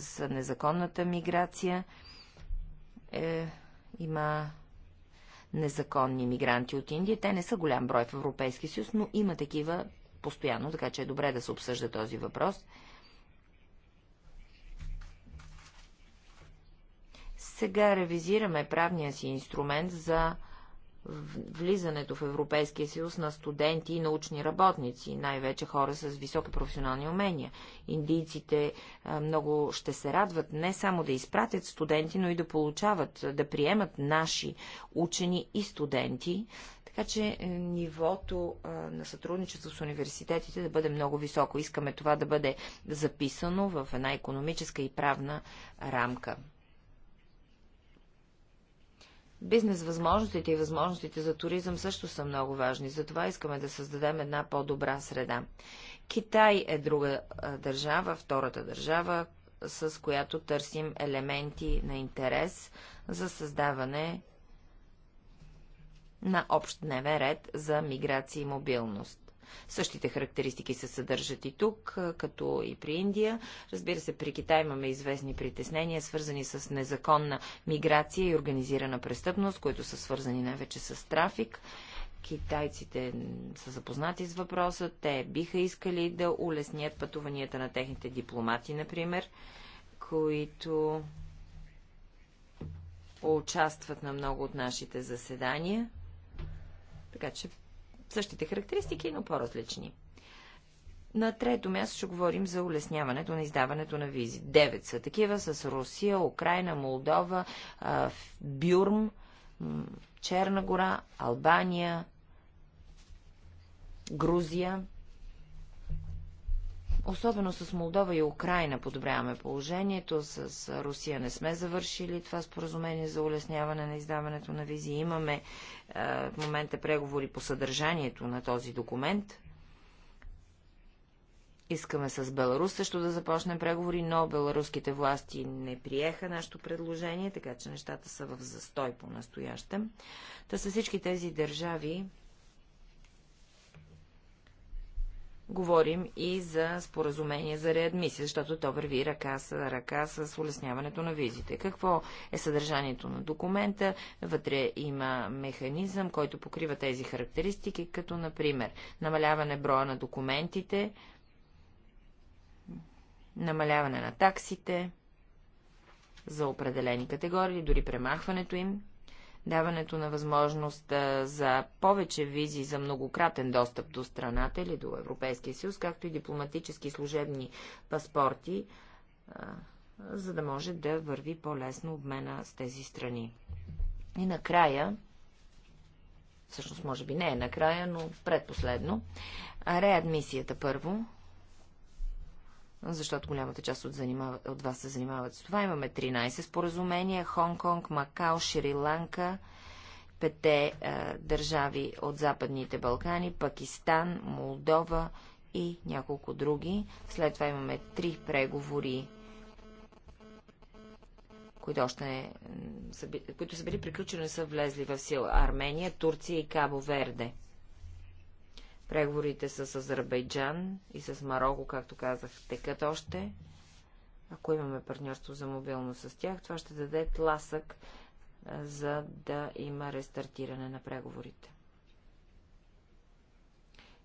с незаконната миграция. Е, има незаконни мигранти от Индия. Те не са голям брой в Европейски съюз, но има такива постоянно, така че е добре да се обсъжда този въпрос. Сега ревизираме правния си инструмент за влизането в Европейския съюз на студенти и научни работници, най-вече хора с високи професионални умения. Индийците много ще се радват не само да изпратят студенти, но и да получават, да приемат наши учени и студенти, така че е, нивото на сътрудничество с университетите да бъде много високо. Искаме това да бъде записано в една економическа и правна рамка. Бизнес възможностите и възможностите за туризъм също са много важни, затова искаме да създадем една по-добра среда. Китай е друга държава, втората държава, с която търсим елементи на интерес за създаване на общ дневен ред за миграция и мобилност. Същите характеристики се съдържат и тук, като и при Индия. Разбира се, при Китай имаме известни притеснения, свързани с незаконна миграция и организирана престъпност, които са свързани най-вече с трафик. Китайците са запознати с въпроса. Те биха искали да улеснят пътуванията на техните дипломати, например, които участват на много от нашите заседания. Така че същите характеристики, но по-различни. На трето място ще говорим за улесняването на издаването на визи. Девет са такива с Русия, Украина, Молдова, Бюрм, Черна гора, Албания, Грузия, Особено с Молдова и Украина подобряваме положението, с Русия не сме завършили това споразумение за улесняване на издаването на визи. Имаме е, в момента преговори по съдържанието на този документ. Искаме с Беларус също да започнем преговори, но беларуските власти не приеха нашето предложение, така че нещата са в застой по-настоящем. Та са всички тези държави говорим и за споразумение за реадмисия, защото то върви ръка с ръка с улесняването на визите. Какво е съдържанието на документа? Вътре има механизъм, който покрива тези характеристики, като например намаляване броя на документите, намаляване на таксите за определени категории, дори премахването им, Даването на възможност за повече визи за многократен достъп до страната или до Европейския съюз, както и дипломатически служебни паспорти, за да може да върви по-лесно обмена с тези страни. И накрая, всъщност може би не е накрая, но предпоследно, реадмисията първо, защото голямата част от, занимава, от вас се занимават с това. Имаме 13 споразумения. Хонг-Конг, Макао, Шри-Ланка, пете е, държави от Западните Балкани, Пакистан, Молдова и няколко други. След това имаме три преговори, които още не, са, които са били приключени, са влезли в сила Армения, Турция и Кабо Верде. Преговорите с Азербайджан и с Марокко, както казах, текат още. Ако имаме партньорство за мобилност с тях, това ще даде тласък, за да има рестартиране на преговорите.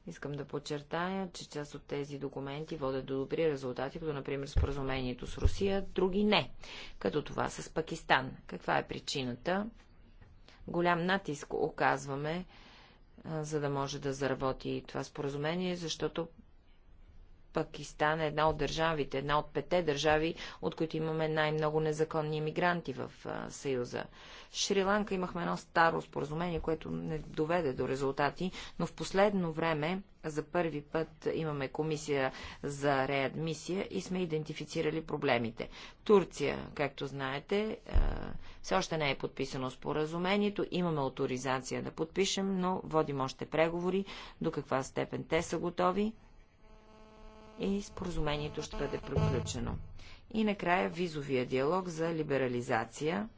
Искам да подчертая, че част от тези документи водят до добри резултати, като например споразумението с Русия, други не, като това с Пакистан. Каква е причината? Голям натиск оказваме за да може да заработи това споразумение, защото Пакистан е една от държавите, една от пете държави, от които имаме най-много незаконни иммигранти в Съюза. Шри-Ланка имахме едно старо споразумение, което не доведе до резултати, но в последно време за първи път имаме комисия за реадмисия и сме идентифицирали проблемите. Турция, както знаете, все още не е подписано споразумението. Имаме авторизация да подпишем, но водим още преговори, до каква степен те са готови и споразумението ще бъде приключено. И накрая визовия диалог за либерализация.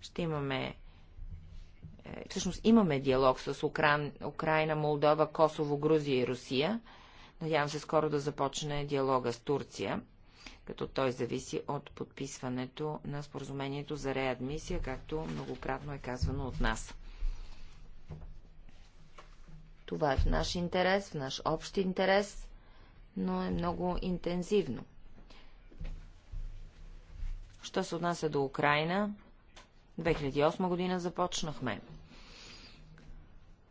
Ще имаме е, всъщност имаме диалог с Украин, Украина, Молдова, Косово, Грузия и Русия. Надявам се скоро да започне диалога с Турция, като той зависи от подписването на споразумението за реадмисия, както многократно е казвано от нас. Това е в наш интерес, в наш общ интерес, но е много интензивно. Що се отнася до Украина, 2008 година започнахме,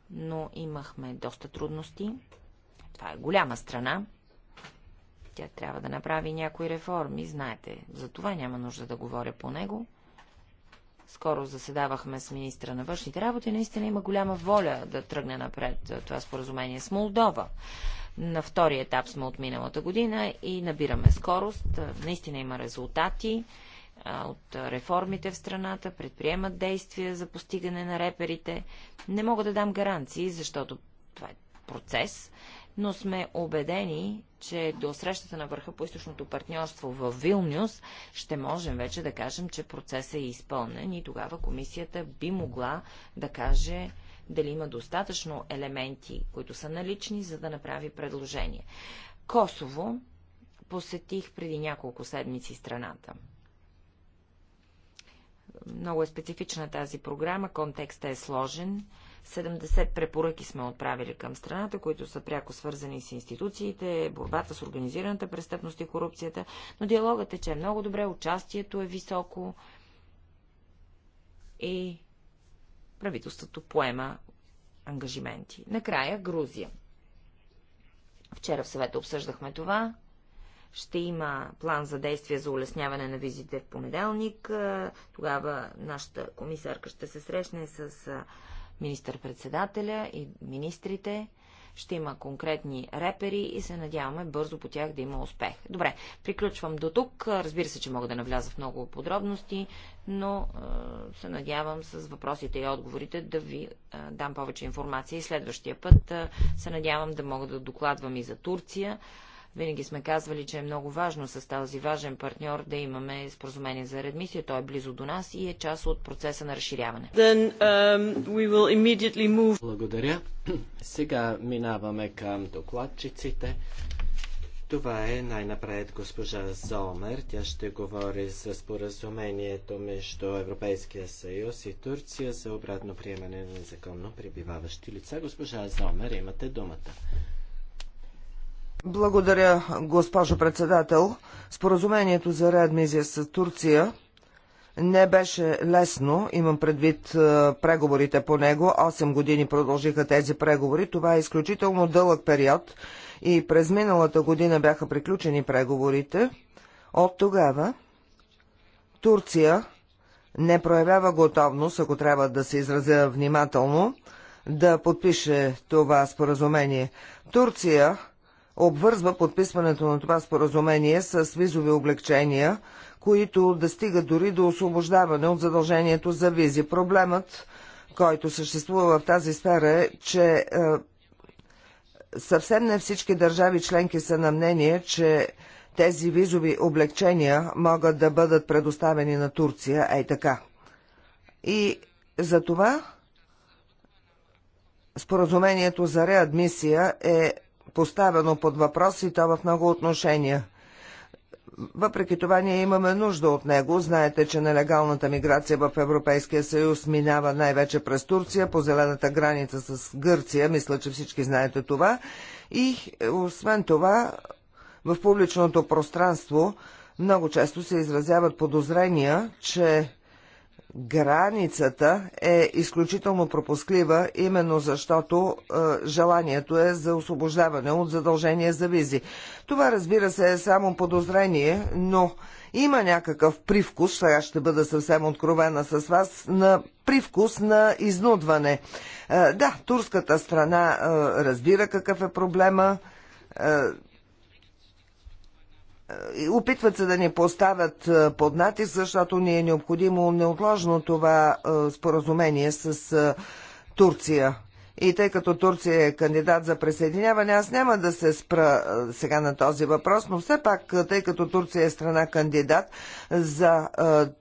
но имахме доста трудности. Това е голяма страна. Тя трябва да направи някои реформи, знаете. За това няма нужда да говоря по него. Скоро заседавахме с министра на външните работи. Наистина има голяма воля да тръгне напред това споразумение с Молдова. На втори етап сме от миналата година и набираме скорост. Наистина има резултати от реформите в страната, предприемат действия за постигане на реперите. Не мога да дам гаранции, защото това е процес но сме убедени, че до срещата на върха по източното партньорство в Вилнюс ще можем вече да кажем, че процесът е изпълнен и тогава комисията би могла да каже дали има достатъчно елементи, които са налични, за да направи предложение. Косово посетих преди няколко седмици страната. Много е специфична тази програма, контекстът е сложен 70 препоръки сме отправили към страната, които са пряко свързани с институциите, борбата с организираната престъпност и корупцията, но диалогът е, че е много добре, участието е високо и правителството поема ангажименти. Накрая Грузия. Вчера в съвета обсъждахме това. Ще има план за действие за улесняване на визите в понеделник. Е, тогава нашата комисарка ще се срещне с е, министър-председателя и министрите. Ще има конкретни репери и се надяваме бързо по тях да има успех. Добре, приключвам до тук. Разбира се, че мога да навляза в много подробности, но е, се надявам с въпросите и отговорите да ви е, дам повече информация и следващия път е, се надявам да мога да докладвам и за Турция. Винаги сме казвали, че е много важно с този важен партньор да имаме споразумение за редмисия. Той е близо до нас и е част от процеса на разширяване. Then, um, Благодаря. Сега минаваме към докладчиците. Това е най-напред госпожа Зомер. Тя ще говори за споразумението между Европейския съюз и Турция за обратно приемане на незаконно прибиваващи лица. Госпожа Зомер, имате думата. Благодаря, госпожо председател. Споразумението за реадмизия с Турция не беше лесно, имам предвид е, преговорите по него. 8 години продължиха тези преговори. Това е изключително дълъг период и през миналата година бяха приключени преговорите. От тогава Турция не проявява готовност, ако трябва да се изразя внимателно, да подпише това споразумение. Турция обвързва подписването на това споразумение с визови облегчения, които да стигат дори до освобождаване от задължението за визи. Проблемът, който съществува в тази сфера е, че е, съвсем не всички държави членки са на мнение, че тези визови облегчения могат да бъдат предоставени на Турция, ей така. И за това споразумението за реадмисия е поставено под въпрос и то в много отношения. Въпреки това ние имаме нужда от него. Знаете, че нелегалната миграция в Европейския съюз минава най-вече през Турция, по зелената граница с Гърция. Мисля, че всички знаете това. И освен това, в публичното пространство много често се изразяват подозрения, че границата е изключително пропусклива, именно защото е, желанието е за освобождаване от задължение за визи. Това разбира се е само подозрение, но има някакъв привкус, сега ще бъда съвсем откровена с вас, на привкус на изнудване. Е, да, турската страна е, разбира какъв е проблема. Е, е, опитват се да ни поставят е, под натиск, защото ни е необходимо неотложно това е, споразумение с Турция. И тъй като Турция е кандидат за присъединяване, аз няма да се спра сега на този въпрос, но все пак, тъй като Турция е страна кандидат, за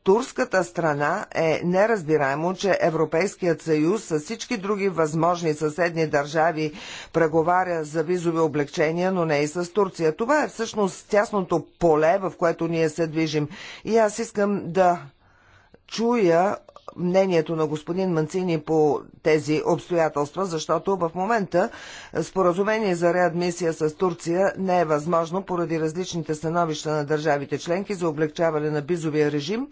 турската страна е неразбираемо, че Европейският съюз с всички други възможни съседни държави преговаря за визови облегчения, но не и с Турция. Това е всъщност тясното поле, в което ние се движим. И аз искам да чуя мнението на господин Манцини по тези обстоятелства, защото в момента споразумение за реадмисия с Турция не е възможно поради различните становища на държавите членки за облегчаване на бизовия режим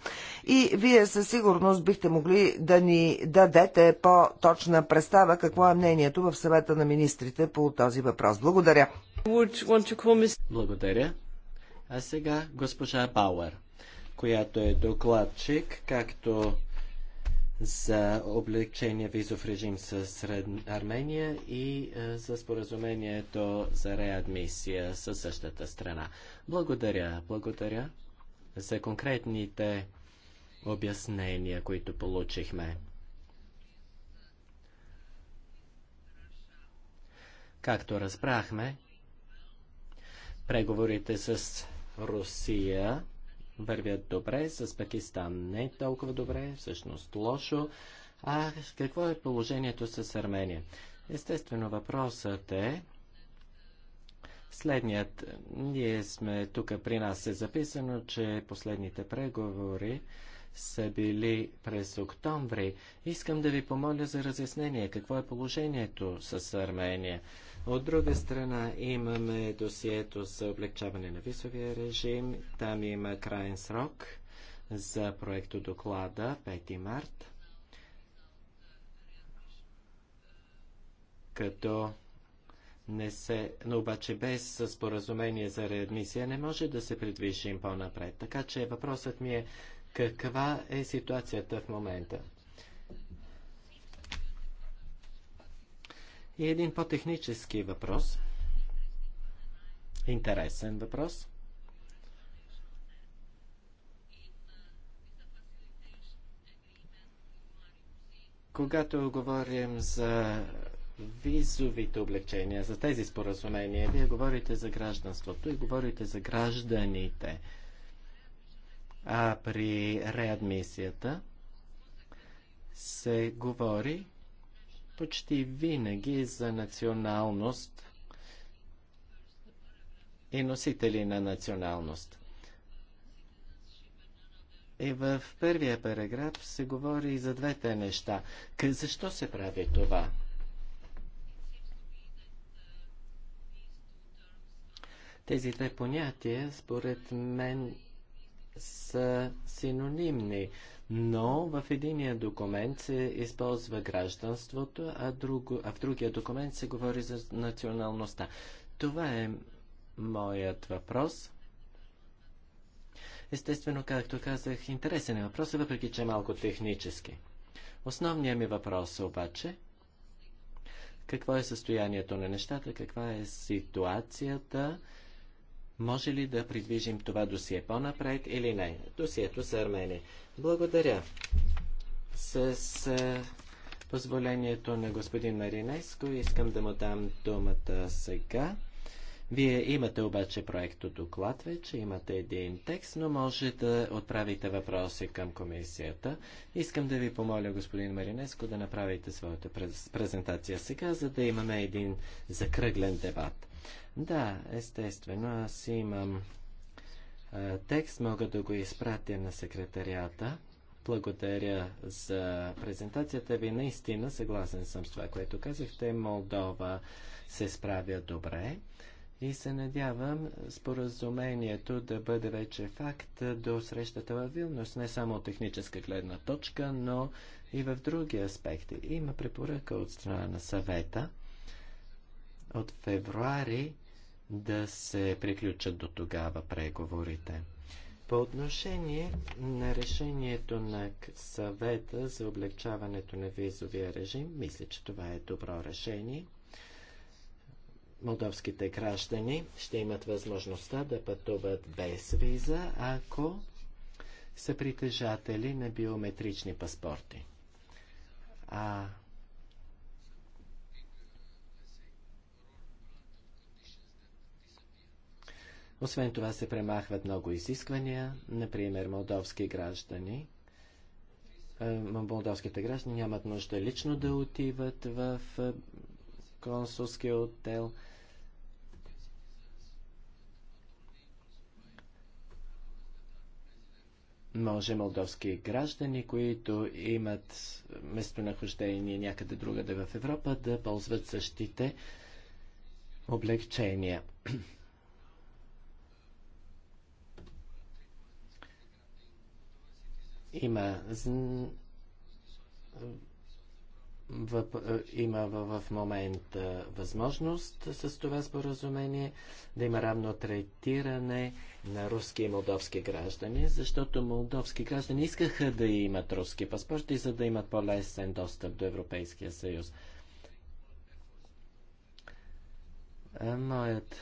и вие със сигурност бихте могли да ни дадете по-точна представа какво е мнението в съвета на министрите по този въпрос. Благодаря. Благодаря. А сега госпожа Пауер, която е докладчик, както за облегчения визов режим с Армения и е, за споразумението за реадмисия със същата страна. Благодаря, благодаря за конкретните обяснения, които получихме. Както разбрахме, преговорите с Русия вървят добре, с Пакистан не е толкова добре, всъщност лошо. А какво е положението с Армения? Естествено, въпросът е следният. Ние сме тук при нас е записано, че последните преговори са били през октомври. Искам да ви помоля за разяснение. Какво е положението с Армения? От друга страна имаме досието за облегчаване на висовия режим. Там има крайен срок за проекто доклада 5 март. Като не се, но обаче без споразумение за реадмисия не може да се придвижим по-напред. Така че въпросът ми е каква е ситуацията в момента? И един по-технически въпрос. Интересен въпрос. Когато говорим за визовите облегчения, за тези споразумения, вие говорите за гражданството и говорите за гражданите. А при реадмисията се говори почти винаги за националност и носители на националност. И в първия параграф се говори и за двете неща. Къ защо се прави това? Тези две понятия, според мен, са синонимни но в единия документ се използва гражданството, а, друго, а в другия документ се говори за националността. Това е моят въпрос. Естествено, както казах, интересен е въпросът, въпреки че е малко технически. Основният ми въпрос обаче какво е състоянието на нещата, каква е ситуацията, може ли да придвижим това досие по-напред или не? Досието за Армения. Благодаря. С позволението на господин Маринеско искам да му дам думата сега. Вие имате обаче проекто доклад вече, имате един текст, но може да отправите въпроси към комисията. Искам да ви помоля, господин Маринеско, да направите своята презентация сега, за да имаме един закръглен дебат. Да, естествено, аз имам а, текст, мога да го изпратя на секретарията. Благодаря за презентацията ви. Наистина съгласен съм с това, което казахте. Молдова се справя добре и се надявам споразумението да бъде вече факт до срещата във Вилнус, не само от техническа гледна точка, но и в други аспекти. Има препоръка от страна на съвета от февруари да се приключат до тогава преговорите. По отношение на решението на съвета за облегчаването на визовия режим, мисля, че това е добро решение – молдовските граждани ще имат възможността да пътуват без виза, ако са притежатели на биометрични паспорти. А Освен това се премахват много изисквания, например молдовски граждани. Молдовските граждани нямат нужда лично да отиват в консулския отдел – може молдовски граждани, които имат местонахождение някъде другаде в Европа, да ползват същите облегчения. Има въп, е, има в момента възможност с това споразумение да има равно третиране на руски и молдовски граждани, защото молдовски граждани искаха да имат руски паспорти, за да имат по-лесен достъп до Европейския съюз. Моят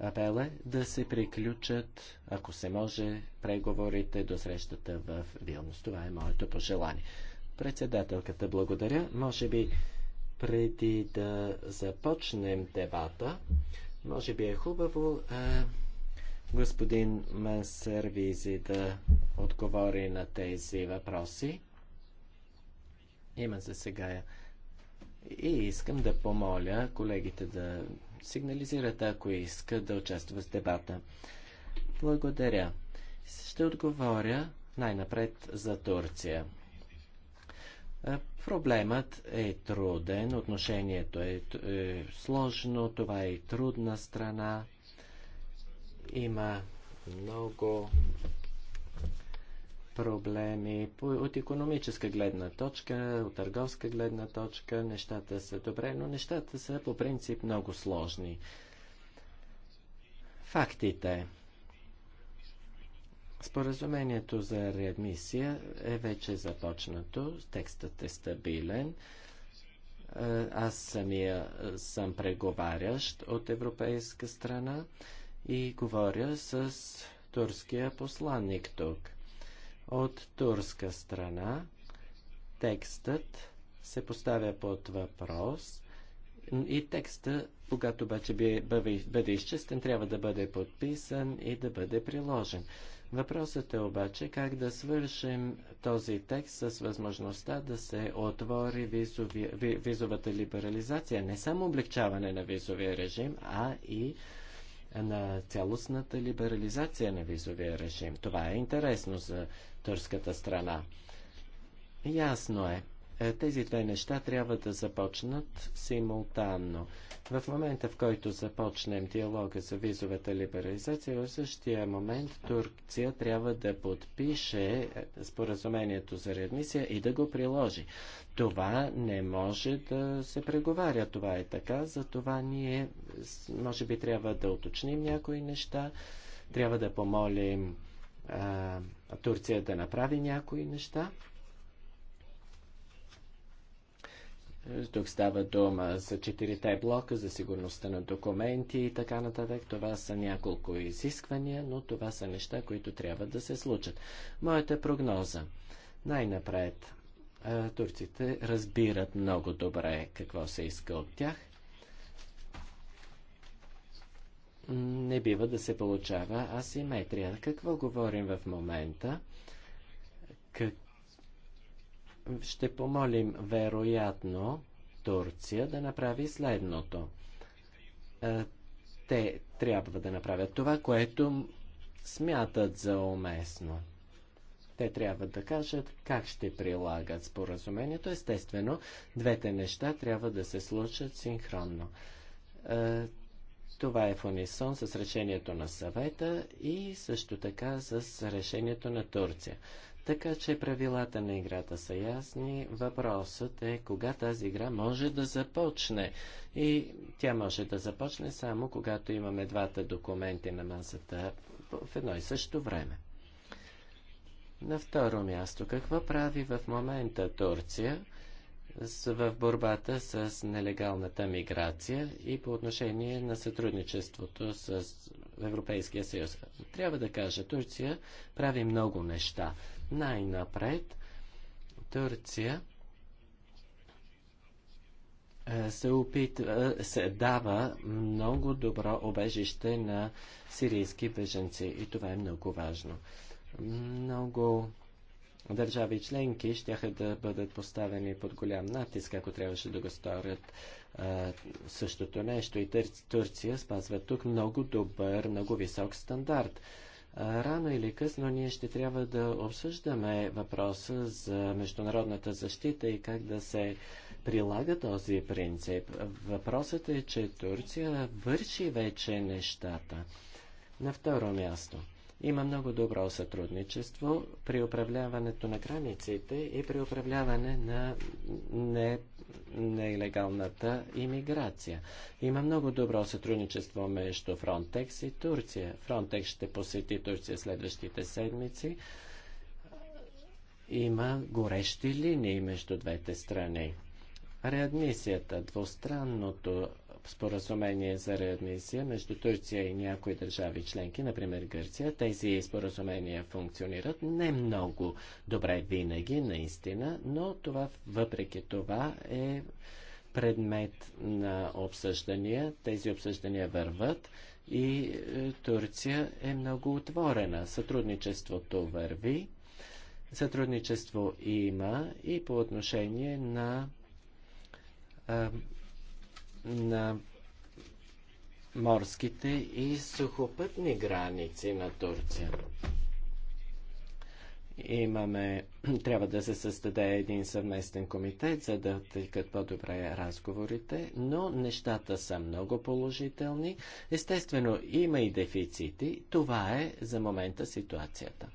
апел е да се приключат, ако се може, преговорите до срещата в Вилнус. Това е моето пожелание. Председателката, благодаря. Може би преди да започнем дебата, може би е хубаво а, господин Мансервизи да отговори на тези въпроси. Има за сега и искам да помоля колегите да сигнализират, ако искат да участват в дебата. Благодаря. Ще отговоря най-напред за Турция. Проблемът е труден, отношението е, е сложно, това е трудна страна. Има много проблеми от економическа гледна точка, от търговска гледна точка. Нещата са добре, но нещата са по принцип много сложни. Фактите. Споразумението за реадмисия е вече започнато, текстът е стабилен. Е, аз самия съм преговарящ от европейска страна и говоря с турския посланник тук. От турска страна текстът се поставя под въпрос и текста, когато обаче бъде, изчистен, трябва да бъде подписан и да бъде приложен. Въпросът е обаче как да свършим този текст с възможността да се отвори визови, визовата либерализация. Не само облегчаване на визовия режим, а и на цялостната либерализация на визовия режим. Това е интересно за турската страна. Ясно е, е, тези две неща трябва да започнат симултанно. В момента, в който започнем диалога за визовата либерализация, в същия момент Турция трябва да подпише е, споразумението за реадмисия и да го приложи. Това не може да се преговаря. Това е така. за това ние, може би, трябва да уточним някои неща. Трябва да помолим а, Турция да направи някои неща. Тук става дума за четирите блока, за сигурността на документи и така нататък. Това са няколко изисквания, но това са неща, които трябва да се случат. Моята прогноза. Най-напред, турците разбират много добре какво се иска от тях. Не бива да се получава асиметрия. Какво говорим в момента? Как ще помолим вероятно Турция да направи следното. Е, те трябва да направят това, което смятат за уместно. Те трябва да кажат как ще прилагат споразумението. Естествено, двете неща трябва да се случат синхронно. Е, това е в унисон с решението на съвета и също така с решението на Турция. Така че правилата на играта са ясни. Въпросът е кога тази игра може да започне. И тя може да започне само когато имаме двата документи на масата в едно и също време. На второ място, какво прави в момента Турция в борбата с нелегалната миграция и по отношение на сътрудничеството с Европейския съюз. Трябва да кажа, Турция прави много неща. Най-напред Турция е, се опитва, е, се дава много добро обежище на сирийски беженци и това е много важно. Много държави членки ще да бъдат поставени под голям натиск, ако трябваше да го сторят а, същото нещо. И Турция спазва тук много добър, много висок стандарт. рано или късно ние ще трябва да обсъждаме въпроса за международната защита и как да се прилага този принцип. Въпросът е, че Турция върши вече нещата. На второ място – има много добро сътрудничество при управляването на границите и при управляване на не, нелегалната иммиграция. Има много добро сътрудничество между Фронтекс и Турция. Фронтекс ще посети Турция следващите седмици. Има горещи линии между двете страни. Реадмисията, двустранното споразумение за реадмисия между Турция и някои държави членки, например Гърция. Тези споразумения функционират не много добре винаги, наистина, но това въпреки това е предмет на обсъждания. Тези обсъждания върват и е, Турция е много отворена. Сътрудничеството върви. Сътрудничество има и по отношение на е, на морските и сухопътни граници на Турция. Имаме, трябва да се създаде един съвместен комитет, за да тъкат по-добре разговорите, но нещата са много положителни. Естествено, има и дефицити. Това е за момента ситуацията.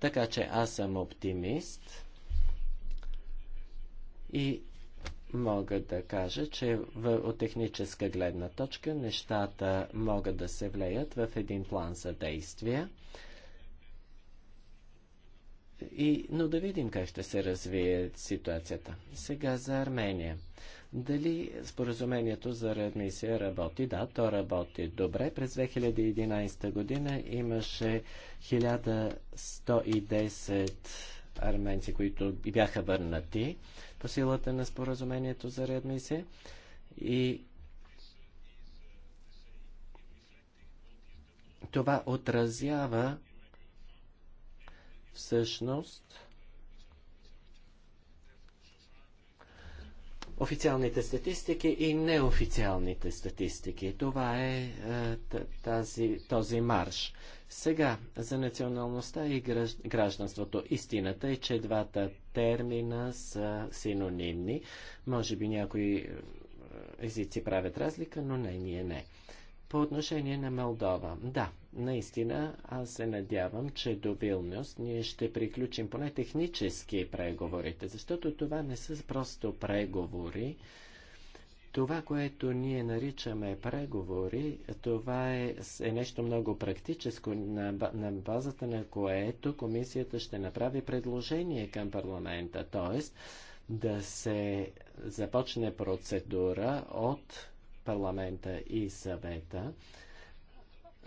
Така че аз съм оптимист и мога да кажа, че в, от техническа гледна точка нещата могат да се влеят в един план за действие. И, но да видим как ще се развие ситуацията. Сега за Армения. Дали споразумението за реадмисия работи? Да, то работи добре. През 2011 година имаше 1110 арменци, които бяха върнати по силата на споразумението за реадмисия и това отразява всъщност официалните статистики и неофициалните статистики. Това е, е тази, този марш. Сега, за националността и гражданството. Истината е, че двата термина са синонимни. Може би някои е, езици правят разлика, но не, ние не. По отношение на Молдова, да, наистина аз се надявам, че до Вилнюс ние ще приключим поне технически преговорите, защото това не са просто преговори, това, което ние наричаме преговори, това е, е нещо много практическо, на, на базата на което комисията ще направи предложение към парламента, т.е. да се започне процедура от парламента и съвета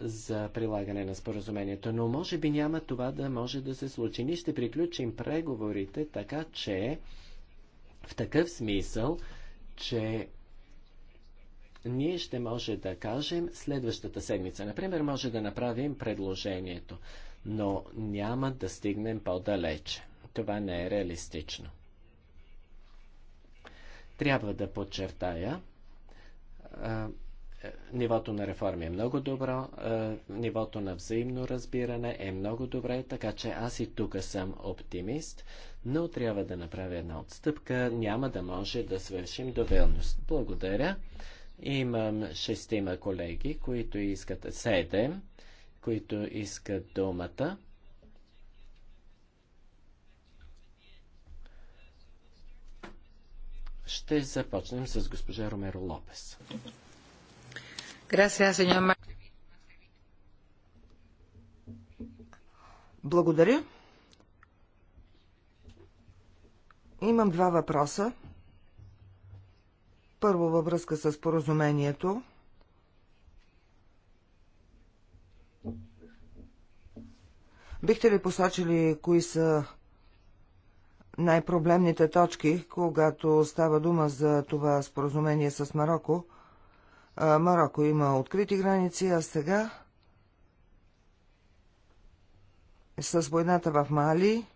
за прилагане на споразумението. Но може би няма това да може да се случи. Ние ще приключим преговорите така, че в такъв смисъл, че ние ще може да кажем следващата седмица. Например, може да направим предложението, но няма да стигнем по-далече. Това не е реалистично. Трябва да подчертая, е, нивото на реформи е много добро, е, нивото на взаимно разбиране е много добре, така че аз и тук съм оптимист, но трябва да направя една отстъпка, няма да може да свършим до Благодаря. Имам шестима колеги, които искат седем, които искат думата. Ще започнем с госпожа Ромеро Лопес. Благодаря. Имам два въпроса. Първо във връзка с поразумението. Бихте ли посочили кои са най-проблемните точки, когато става дума за това споразумение с Марокко? Марокко има открити граници, а сега с войната в Мали –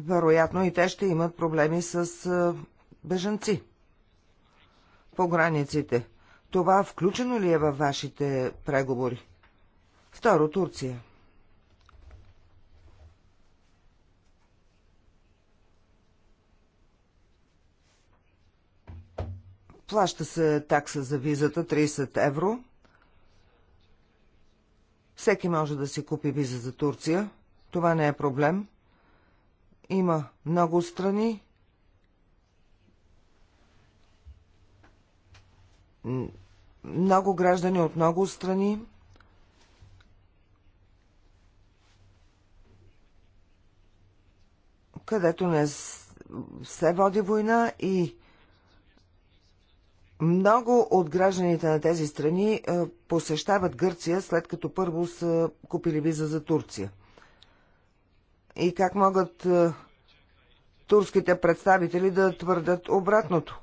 вероятно и те ще имат проблеми с бежанци по границите. Това включено ли е във вашите преговори? Второ, Турция. Плаща се такса за визата 30 евро. Всеки може да си купи виза за Турция. Това не е проблем. Има много страни. Много граждани от много страни. където не се води война и много от гражданите на тези страни е, посещават Гърция, след като първо са купили виза за Турция и как могат е, турските представители да твърдят обратното,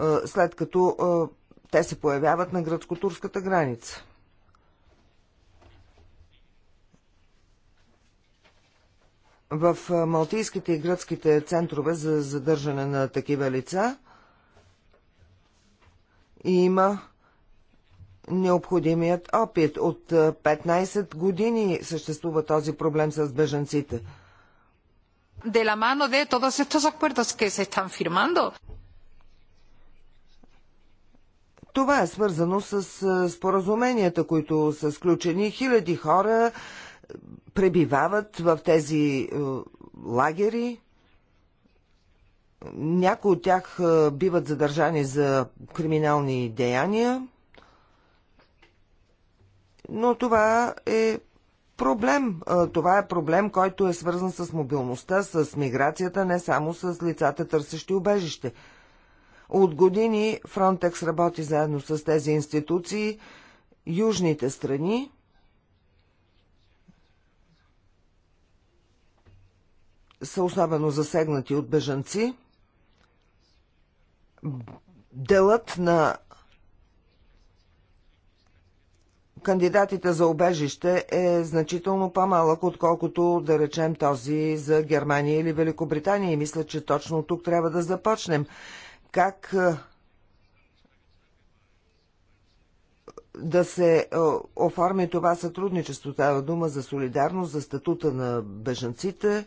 е, след като е, те се появяват на гръцко-турската граница. В малтийските и гръцките центрове за задържане на такива лица има необходимият опит. От 15 е, години съществува този проблем с бежанците. De la mano de todos estos acuerdos que se están firmando. Това е свързано с е, споразуменията, които са сключени. Хиляди хора е, пребивават в тези лагери. Някои от тях биват задържани за криминални деяния но това е проблем. Това е проблем, който е свързан с мобилността, с миграцията, не само с лицата търсещи убежище. От години Фронтекс работи заедно с тези институции, южните страни, са особено засегнати от бежанци. Делът на кандидатите за обежище е значително по-малък, отколкото, да речем, този за Германия или Великобритания. И мисля, че точно тук трябва да започнем. Как е, да се е, оформи това сътрудничество? Тава дума за солидарност, за статута на бежанците.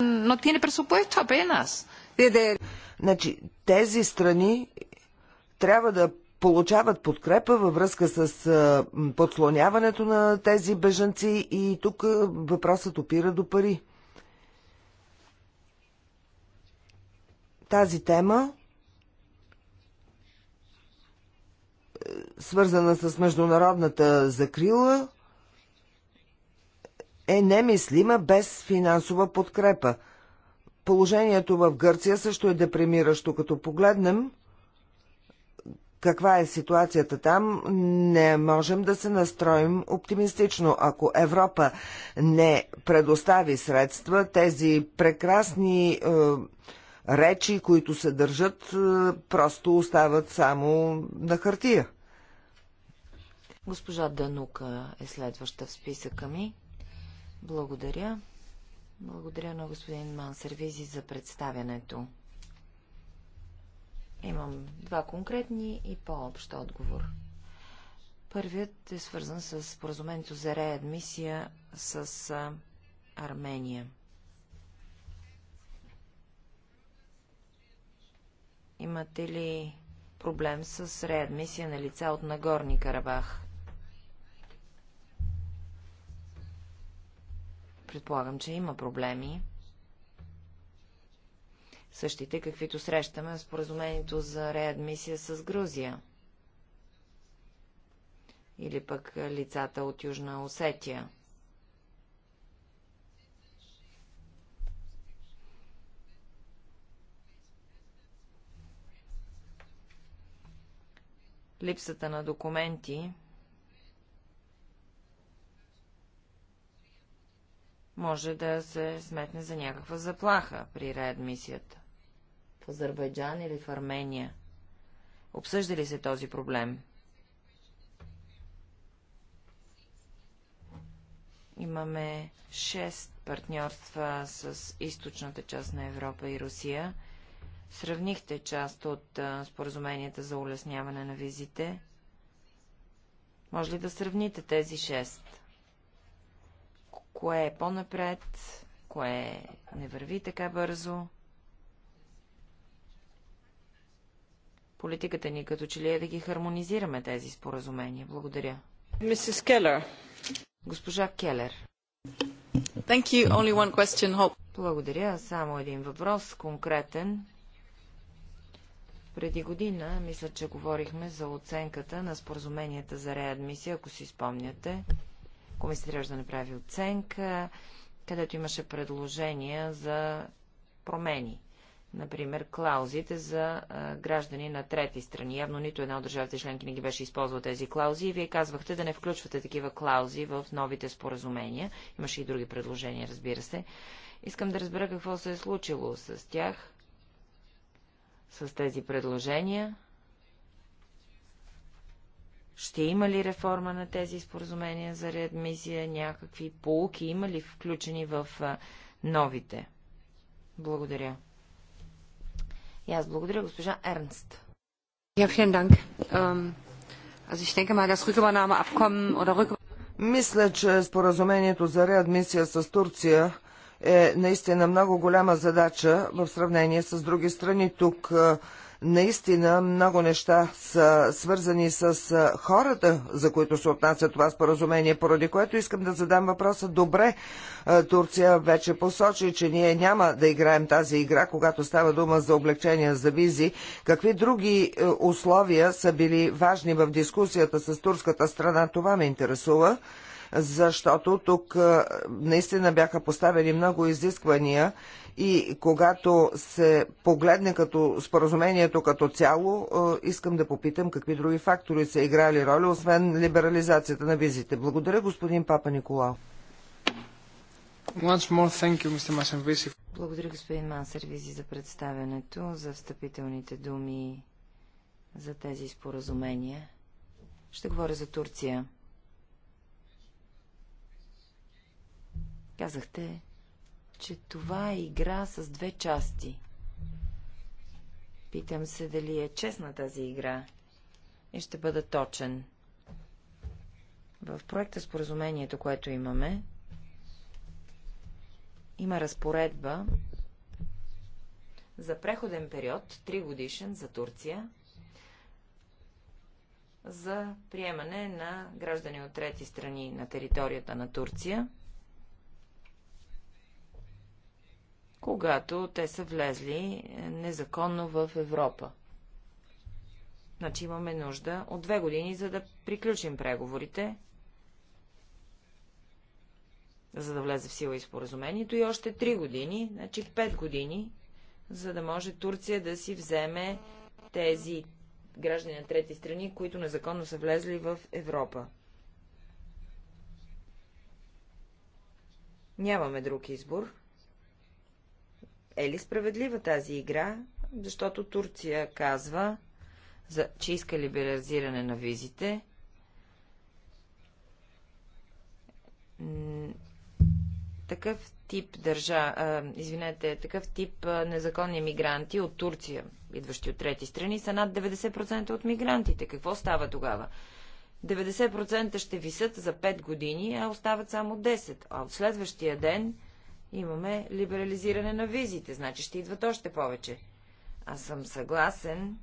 Но ти не пресупоето, Значи, тези страни трябва да получават подкрепа във връзка с подслоняването на тези бежанци и тук въпросът опира до пари. Тази тема е, свързана с международната закрила, е немислима без финансова подкрепа. Положението в Гърция също е депремиращо, като погледнем каква е ситуацията там, не можем да се настроим оптимистично. Ако Европа не предостави средства, тези прекрасни е, речи, които се държат, е, просто остават само на хартия. Госпожа Данука е следваща в списъка ми. Благодаря. Благодаря на господин Мансервизи за представянето. Имам два конкретни и по-общ отговор. Първият е свързан с поразумението за реадмисия с Армения. Имате ли проблем с реадмисия на лица от Нагорни Карабах? Предполагам, че има проблеми същите, каквито срещаме в споразумението за реадмисия с Грузия. Или пък лицата от Южна Осетия. Липсата на документи може да се сметне за някаква заплаха при реадмисията в Азербайджан или в Армения. Обсъжда ли се този проблем? Имаме шест партньорства с източната част на Европа и Русия. Сравнихте част от споразуменията за улесняване на визите. Може ли да сравните тези шест? Кое е по-напред? Кое не върви така бързо? Политиката ни като че ли е да ги хармонизираме тези споразумения. Благодаря. Мисис Келер. Госпожа Келер. Thank you. Only one question, hope. Благодаря. Само един въпрос, конкретен. Преди година, мисля, че говорихме за оценката на споразуменията за реадмисия, ако си спомняте. Комисията трябваше да направи оценка, където имаше предложения за промени. Например, клаузите за а, граждани на трети страни. Явно нито една от държавите членки не ги беше използвала тези клаузи и вие казвахте да не включвате такива клаузи в новите споразумения. Имаше и други предложения, разбира се. Искам да разбера какво се е случило с тях, с тези предложения. Ще има ли реформа на тези споразумения за реадмисия? Някакви полуки има ли включени в новите? Благодаря. И аз благодаря госпожа Ернст. vielen Dank. Ähm, also ich denke mal, das Rückübernahmeabkommen oder Мисля, че споразумението за реадмисия с Турция е наистина много голяма задача в сравнение с други страни. Тук Наистина много неща са свързани с хората, за които се отнася това споразумение, поради което искам да задам въпроса. Добре, Турция вече посочи, че ние няма да играем тази игра, когато става дума за облегчение за визи. Какви други условия са били важни в дискусията с турската страна? Това ме интересува защото тук наистина бяха поставени много изисквания и когато се погледне като споразумението като цяло, искам да попитам какви други фактори са играли роля, освен либерализацията на визите. Благодаря, господин Папа Николао. You, Благодаря, господин Мансервизи, за представянето, за встъпителните думи за тези споразумения. Ще говоря за Турция. Казахте, че това е игра с две части. Питам се дали е честна тази игра. И ще бъда точен. В проекта споразумението, което имаме, има разпоредба за преходен период, 3 годишен за Турция, за приемане на граждани от трети страни на територията на Турция – когато те са влезли е, незаконно в Европа. Значи имаме нужда от две години, за да приключим преговорите, за да влезе в сила и споразумението, и още три години, значи пет години, за да може Турция да си вземе тези граждани на трети страни, които незаконно са влезли в Европа. Нямаме друг избор. Е ли справедлива тази игра? Защото Турция казва, че иска либерализиране на визите. Такъв тип държа, извинете, такъв тип незаконни мигранти от Турция, идващи от трети страни, са над 90% от мигрантите. Какво става тогава? 90% ще висят за 5 години, а остават само 10. А от следващия ден Имаме либерализиране на визите, значи ще идват още повече. Аз съм съгласен.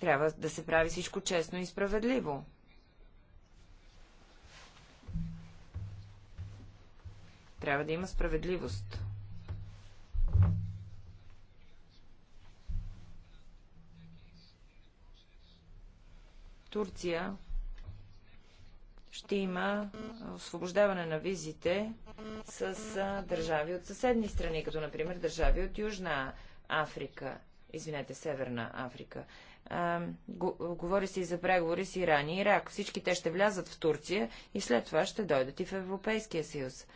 Трябва да се прави всичко честно и справедливо. Трябва да има справедливост. Турция ще има освобождаване на визите с държави от съседни страни, като например държави от Южна Африка, извинете, Северна Африка. А, го, говори се и за преговори с Иран и Ирак. Всички те ще влязат в Турция и след това ще дойдат и в Европейския съюз.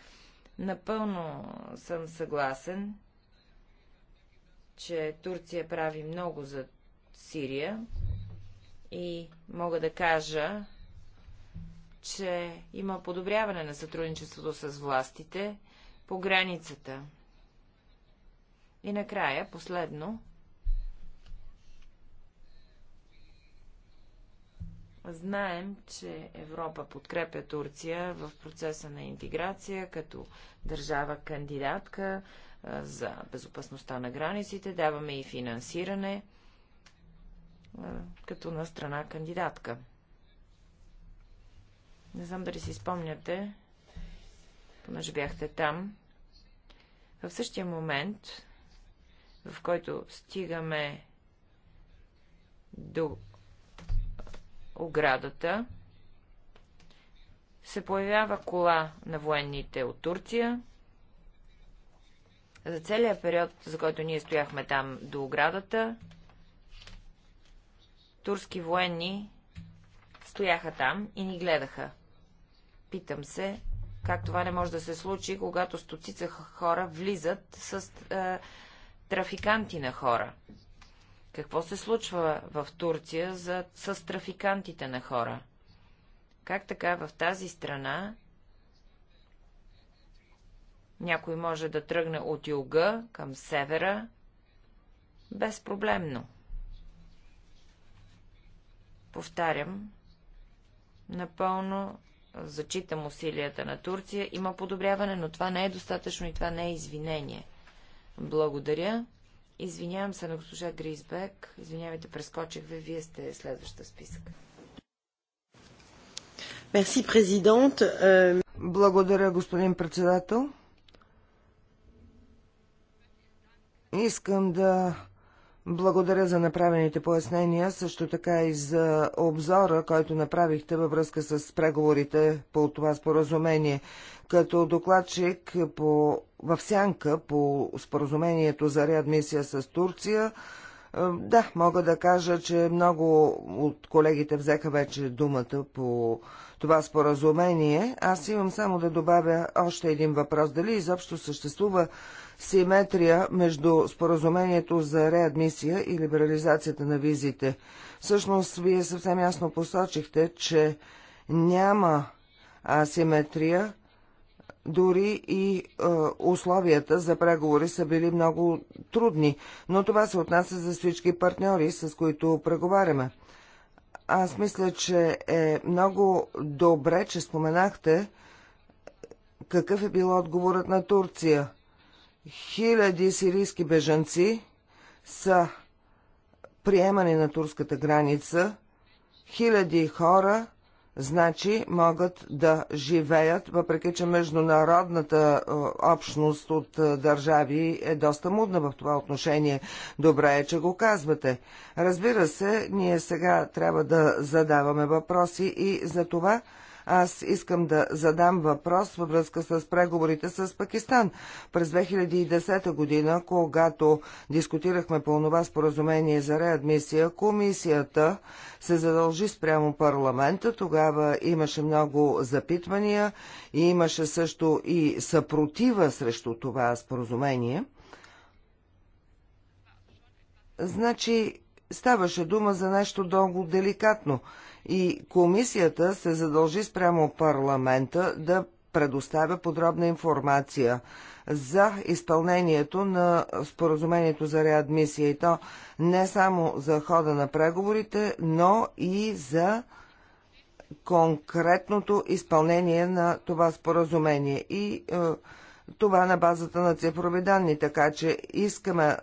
Напълно съм съгласен, че Турция прави много за Сирия и мога да кажа, че има подобряване на сътрудничеството с властите по границата. И накрая, последно, Знаем, че Европа подкрепя Турция в процеса на интеграция като държава кандидатка за безопасността на границите. Даваме и финансиране като на страна кандидатка. Не знам дали си спомняте, понеже бяхте там. В същия момент, в който стигаме до оградата, се появява кола на военните от Турция. За целия период, за който ние стояхме там до оградата, турски военни стояха там и ни гледаха. Питам се, как това не може да се случи, когато стотица хора влизат с е, трафиканти на хора. Какво се случва в Турция за, с трафикантите на хора? Как така в тази страна някой може да тръгне от юга към севера безпроблемно? Повтарям, напълно зачитам усилията на Турция. Има подобряване, но това не е достатъчно и това не е извинение. Благодаря. Извинявам се на госпожа Гризбек. Извинявайте, прескочих ви. Вие сте следваща списък. Мерси, президент. Е, Благодаря, господин председател. Искам да благодаря за направените пояснения, също така и за обзора, който направихте във връзка с преговорите по това споразумение. Като докладчик по, в сянка по споразумението за реадмисия с Турция, е, да, мога да кажа, че много от колегите взеха вече думата по това споразумение. Аз имам само да добавя още един въпрос. Дали изобщо съществува симетрия между споразумението за реадмисия и либерализацията на визите? Всъщност, вие съвсем ясно посочихте, че няма асиметрия дори и е, условията за преговори са били много трудни, но това се отнася за всички партньори, с които преговаряме. Аз мисля, че е много добре, че споменахте какъв е бил отговорът на Турция. Хиляди сирийски бежанци са приемани на турската граница, хиляди хора значи могат да живеят, въпреки че международната е, общност от е, държави е доста мудна в това отношение. Добре е, че го казвате. Разбира се, ние сега трябва да задаваме въпроси и за това аз искам да задам въпрос във връзка с преговорите с Пакистан. През 2010 година, когато дискутирахме по това споразумение за реадмисия, комисията се задължи спрямо парламента. Тогава имаше много запитвания и имаше също и съпротива срещу това споразумение. Значи, ставаше дума за нещо дълго деликатно – и комисията се задължи спрямо парламента да предоставя подробна информация за изпълнението на споразумението за реадмисия и то не само за хода на преговорите, но и за конкретното изпълнение на това споразумение. И е, това на базата на цифрови данни, така че искаме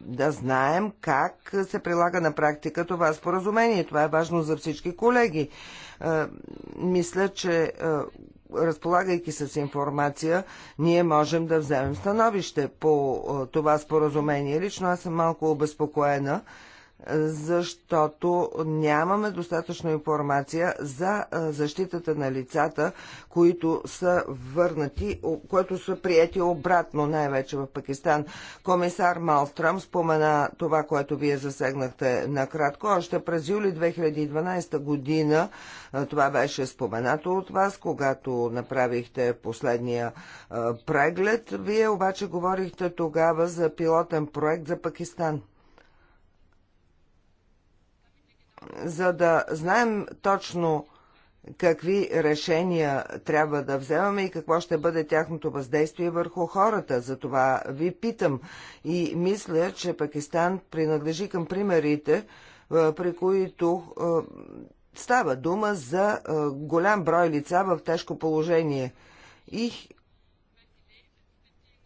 да знаем как се прилага на практика това споразумение. Това е важно за всички колеги. Е, мисля, че е, разполагайки с информация, ние можем да вземем становище по е, това споразумение. Лично аз съм малко обезпокоена, защото нямаме достатъчно информация за защитата на лицата, които са върнати, които са прияти обратно, най-вече в Пакистан. Комисар Малстрам спомена това, което вие засегнахте накратко. Още през юли 2012 година това беше споменато от вас, когато направихте последния преглед. Вие обаче говорихте тогава за пилотен проект за Пакистан. за да знаем точно какви решения трябва да вземаме и какво ще бъде тяхното въздействие върху хората. За това ви питам и мисля, че Пакистан принадлежи към примерите, е, при които е, става дума за е, голям брой лица в тежко положение. И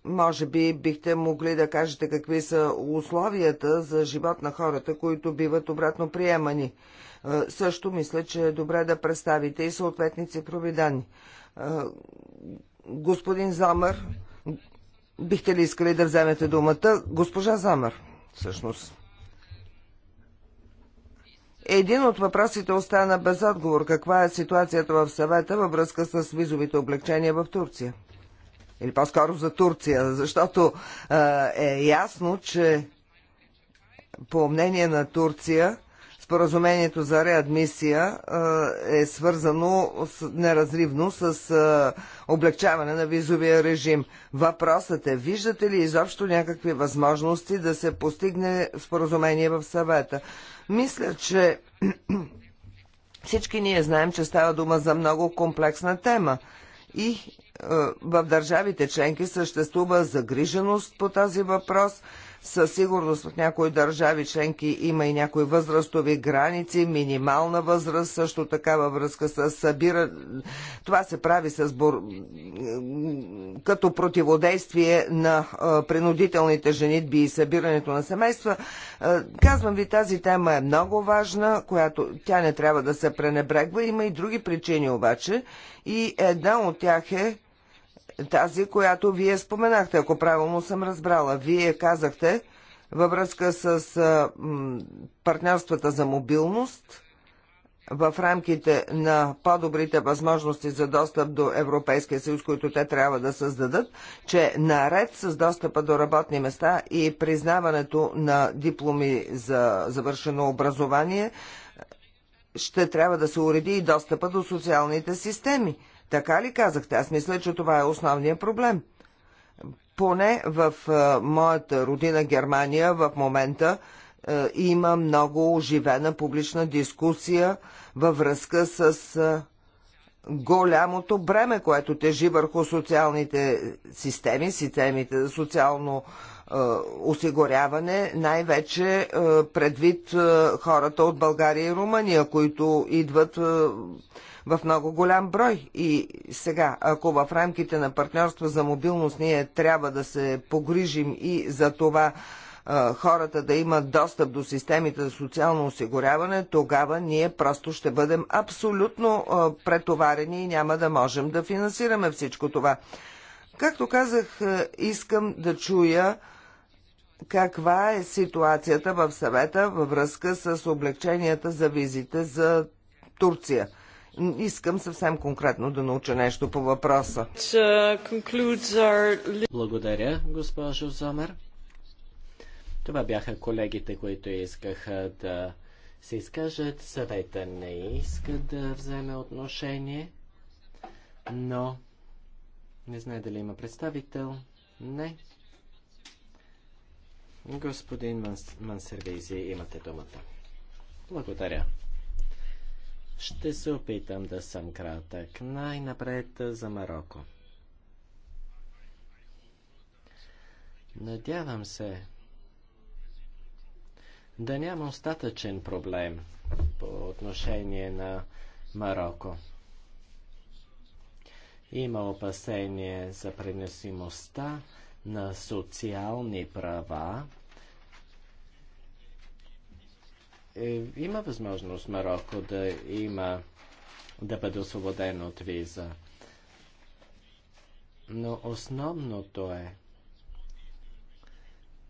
може би бихте могли да кажете какви са условията за живот на хората, които биват обратно приемани. Е, също мисля, че е добре да представите и съответни цифрови данни. Е, господин Замър, бихте ли искали да вземете думата? Госпожа Замър, всъщност. Един от въпросите остана без отговор. Каква е ситуацията в съвета във връзка с визовите облегчения в Турция? или по-скоро за Турция, защото е ясно, че по мнение на Турция, споразумението за реадмисия е свързано с, неразривно с облегчаване на визовия режим. Въпросът е, виждате ли изобщо някакви възможности да се постигне споразумение в съвета? Мисля, че всички ние знаем, че става дума за много комплексна тема. И в държавите членки съществува загриженост по този въпрос. Със сигурност в някои държави членки има и някои възрастови граници, минимална възраст, също така във връзка с събира. Това се прави с бор... като противодействие на принудителните женитби и събирането на семейства. Казвам ви, тази тема е много важна, която тя не трябва да се пренебрегва. Има и други причини обаче. И една от тях е тази, която вие споменахте, ако правилно съм разбрала. Вие казахте във връзка с партньорствата за мобилност в рамките на по-добрите възможности за достъп до Европейския съюз, които те трябва да създадат, че наред с достъпа до работни места и признаването на дипломи за завършено образование, ще трябва да се уреди и достъпа до социалните системи. Така ли казахте? Аз мисля, че това е основният проблем. Поне в е, моята родина Германия в момента е, има много оживена публична дискусия във връзка с е, голямото бреме, което тежи върху социалните системи, системите за социално а, осигуряване, най-вече предвид а, хората от България и Румъния, които идват в много голям брой. И сега, ако в рамките на партньорство за мобилност ние трябва да се погрижим и за това, хората да имат достъп до системите за социално осигуряване, тогава ние просто ще бъдем абсолютно претоварени и няма да можем да финансираме всичко това. Както казах, искам да чуя каква е ситуацията в съвета във връзка с облегченията за визите за Турция – Искам съвсем конкретно да науча нещо по въпроса. Uh, Благодаря, госпожо Зомер. Това бяха колегите, които искаха да се изкажат. Съвета не иска да вземе отношение, но не знае дали има представител. Не. Господин Мансервизи, имате думата. Благодаря. Ще се опитам да съм кратък. Най-напред за Марокко. Надявам се да няма остатъчен проблем по отношение на Марокко. Има опасение за пренесимостта на социални права Е, има възможност Марокко да има да бъде освободен от виза. Но основното е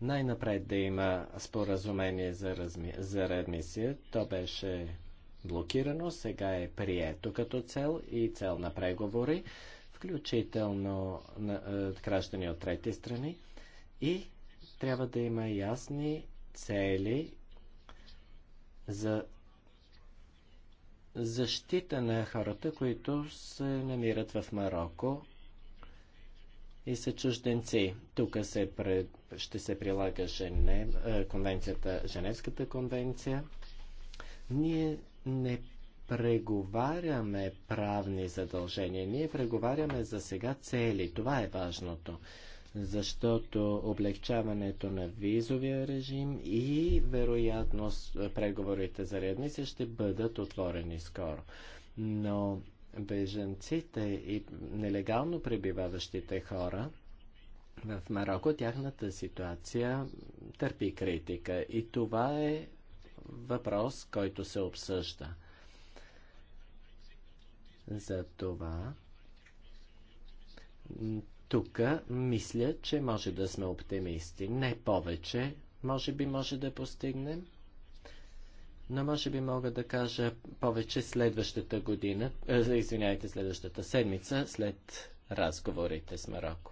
най-напред да има споразумение за, разми... за редмисия. То беше блокирано, сега е прието като цел и цел на преговори, включително на, е, граждани от трети страни. И трябва да има ясни цели за защита на хората, които се намират в Марокко и са чужденци. Тук се пред, ще се прилага Женев, е, конвенцията, Женевската конвенция. Ние не преговаряме правни задължения, ние преговаряме за сега цели. Това е важното защото облегчаването на визовия режим и вероятно преговорите за редници ще бъдат отворени скоро. Но беженците и нелегално пребиваващите хора в Марокко, тяхната ситуация търпи критика и това е въпрос, който се обсъжда. За това тук мисля, че може да сме оптимисти. Не повече, може би може да постигнем, но може би мога да кажа повече следващата година, э, извинявайте, следващата седмица, след разговорите с Марокко.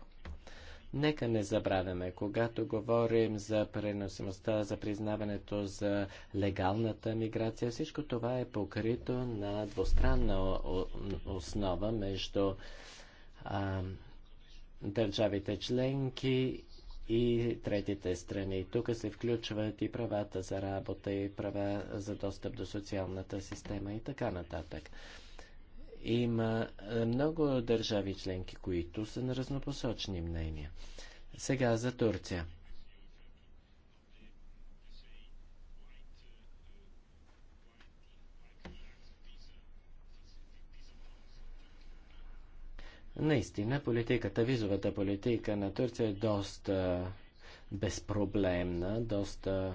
Нека не забравяме, когато говорим за преносимостта, за признаването, за легалната миграция, всичко това е покрито на двустранна основа между а, държавите членки и третите страни. Тук се включват и правата за работа, и права за достъп до социалната система и така нататък. Има е, много държави членки, които са на разнопосочни мнения. Сега за Турция. Наистина, политиката, визовата политика на Турция е доста безпроблемна, доста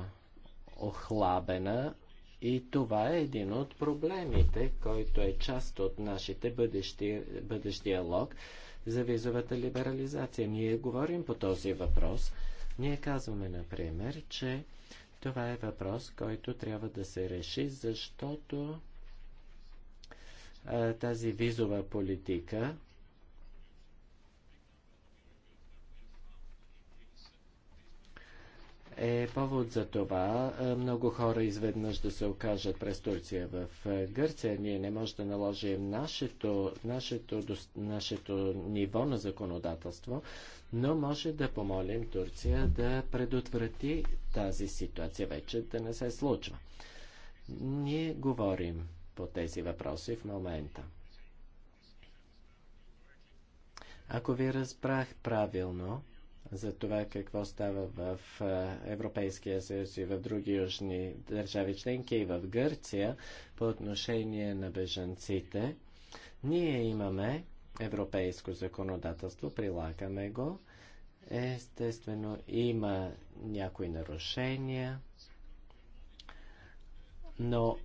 охлабена и това е един от проблемите, който е част от нашите бъдещи, бъдещ диалог за визовата либерализация. Ние говорим по този въпрос. Ние казваме, например, че това е въпрос, който трябва да се реши, защото а, тази визова политика е повод за това много хора изведнъж да се окажат през Турция в Гърция. Ние не можем да наложим нашето, нашето, нашето ниво на законодателство, но може да помолим Турция да предотврати тази ситуация вече да не се случва. Ние говорим по тези въпроси в момента. Ако ви разбрах правилно, за това какво става в Европейския съюз и в други южни държави членки и в Гърция по отношение на бежанците. Ние имаме европейско законодателство, прилагаме го. Естествено, има някои нарушения, но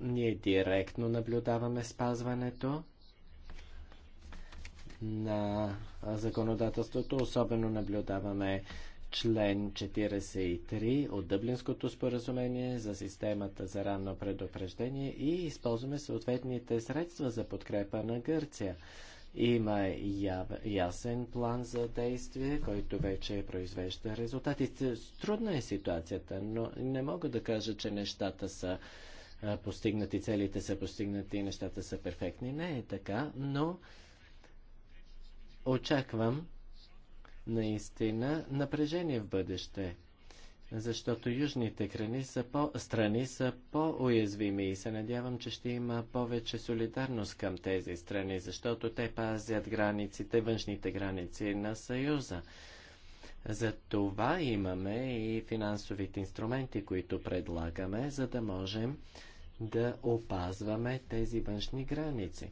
ние директно наблюдаваме спазването на законодателството. Особено наблюдаваме член 43 от Дъблинското споразумение за системата за ранно предупреждение и използваме съответните средства за подкрепа на Гърция. Има ясен план за действие, който вече произвежда резултатите. Трудна е ситуацията, но не мога да кажа, че нещата са постигнати, целите са постигнати и нещата са перфектни. Не е така, но Очаквам наистина напрежение в бъдеще, защото южните крани са по, страни са по-уязвими и се надявам, че ще има повече солидарност към тези страни, защото те пазят границите, външните граници на Съюза. За това имаме и финансовите инструменти, които предлагаме, за да можем да опазваме тези външни граници.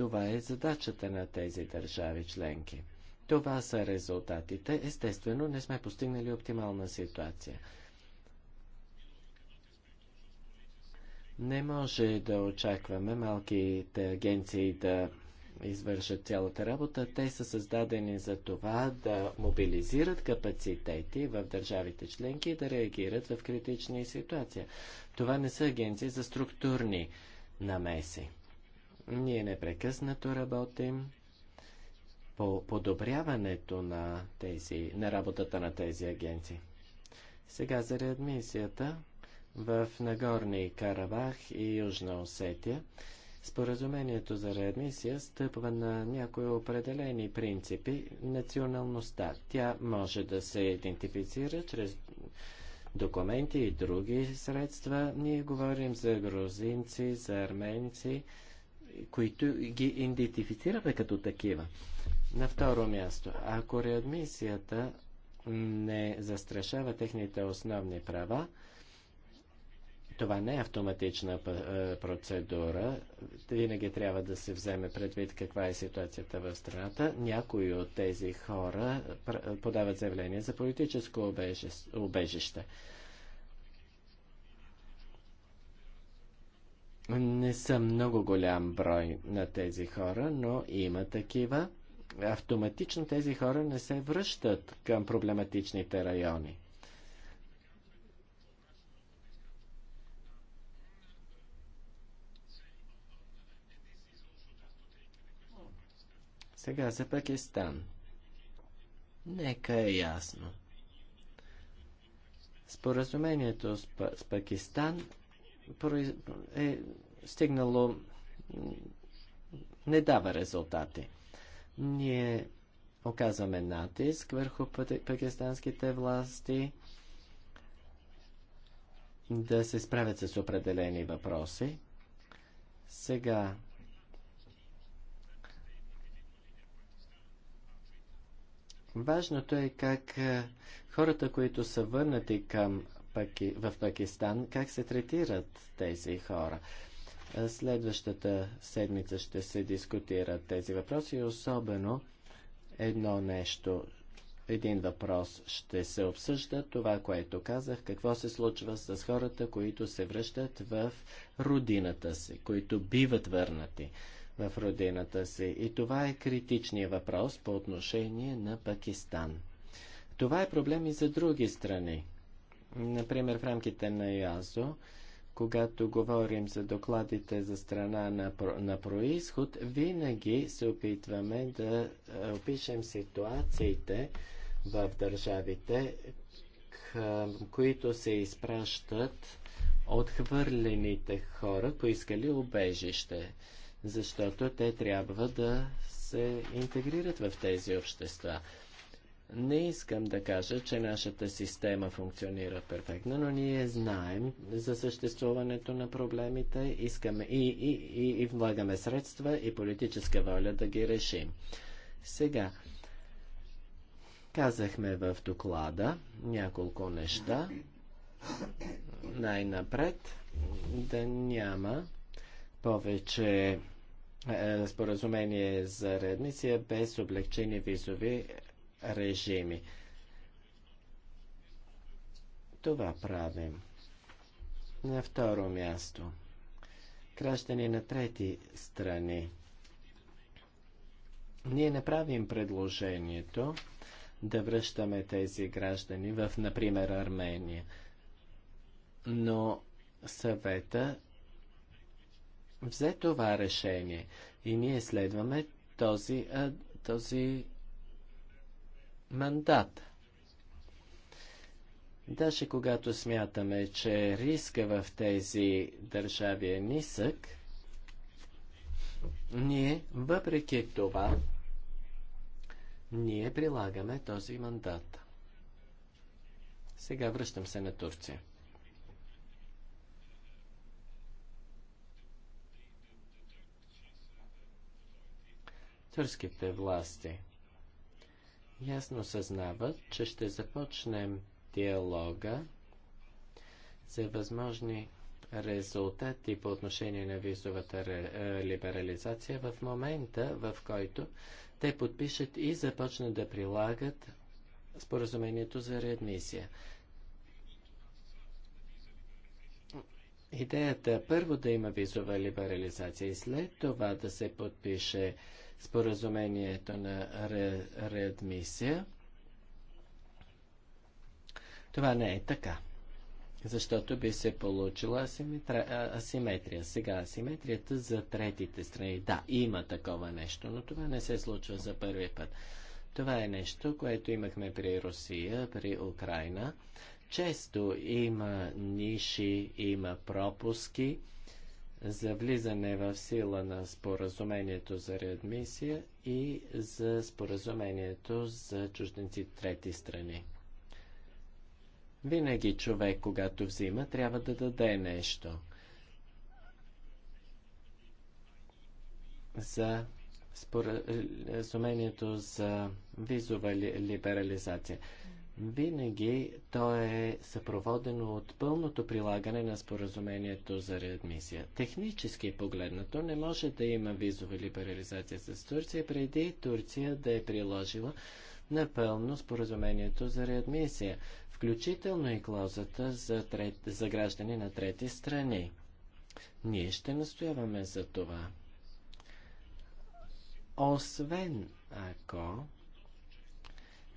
Това е задачата на тези държави членки. Това са резултатите. Естествено, не сме постигнали оптимална ситуация. Не може да очакваме малките агенции да извършат цялата работа. Те са създадени за това да мобилизират капацитети в държавите членки и да реагират в критични ситуации. Това не са агенции за структурни намеси. Ние непрекъснато работим по подобряването на, тези, на работата на тези агенции. Сега за реадмисията в Нагорни Карабах и Южна Осетия. Споразумението за реадмисия стъпва на някои определени принципи. Националността. Тя може да се идентифицира чрез документи и други средства. Ние говорим за грузинци, за арменци, които ги идентифицираме като такива. На второ място, ако реадмисията не застрашава техните основни права, това не е автоматична процедура. Винаги трябва да се вземе предвид каква е ситуацията в страната. Някои от тези хора подават заявление за политическо убежище. Не са много голям брой на тези хора, но има такива. Автоматично тези хора не се връщат към проблематичните райони. Сега за Пакистан. Нека е ясно. Споразумението с, Пакистан е стигнало не дава резултати. Ние оказваме натиск върху пакистанските власти да се справят с определени въпроси. Сега Важното е как е, хората, които са върнати към в Пакистан, как се третират тези хора. Е, следващата седмица ще се дискутират тези въпроси и особено едно нещо, един въпрос ще се обсъжда, това, което казах, какво се случва с хората, които се връщат в родината си, които биват върнати в родината си. И това е критичният въпрос по отношение на Пакистан. Това е проблем и за други страни. Например, в рамките на ИАЗО, когато говорим за докладите за страна на, на происход, винаги се опитваме да опишем ситуациите в държавите, към които се изпращат отхвърлените хора, поискали убежище, защото те трябва да се интегрират в тези общества. Не искам да кажа, че нашата система функционира перфектно, но ние знаем за съществуването на проблемите, искаме и, и, и, и влагаме средства и политическа воля да ги решим. Сега, казахме в доклада няколко неща. Най-напред да няма повече е, споразумение за редмисия без облегчени визови режими. Това правим. На второ място. Граждани на трети страни. Ние направим предложението да връщаме тези граждани в, например, Армения. Но съвета взе това решение и ние следваме този, този мандат. Даже когато смятаме, че риска в тези държави е нисък, ние, въпреки това, ние прилагаме този мандат. Сега връщам се на Турция. Турските власти – ясно съзнават, че ще започнем диалога за възможни резултати по отношение на визовата е, либерализация в момента, в който те подпишат и започнат да прилагат споразумението за реадмисия. Идеята е първо да има визова либерализация и след това да се подпише споразумението на редмисия. реадмисия. Това не е така. Защото би се получила асиметрия. Сега асиметрията за третите страни. Да, има такова нещо, но това не се случва за първи път. Това е нещо, което имахме при Русия, при Украина. Често има ниши, има пропуски за влизане в сила на споразумението за реадмисия и за споразумението за чужденци трети страни. Винаги човек, когато взима, трябва да даде нещо за споразумението за визова либерализация. Винаги то е съпроводено от пълното прилагане на споразумението за реадмисия. Технически погледнато не може да има визова либерализация с Турция преди Турция да е приложила напълно споразумението за реадмисия, включително и клаузата за, трет... за граждани на трети страни. Ние ще настояваме за това. Освен ако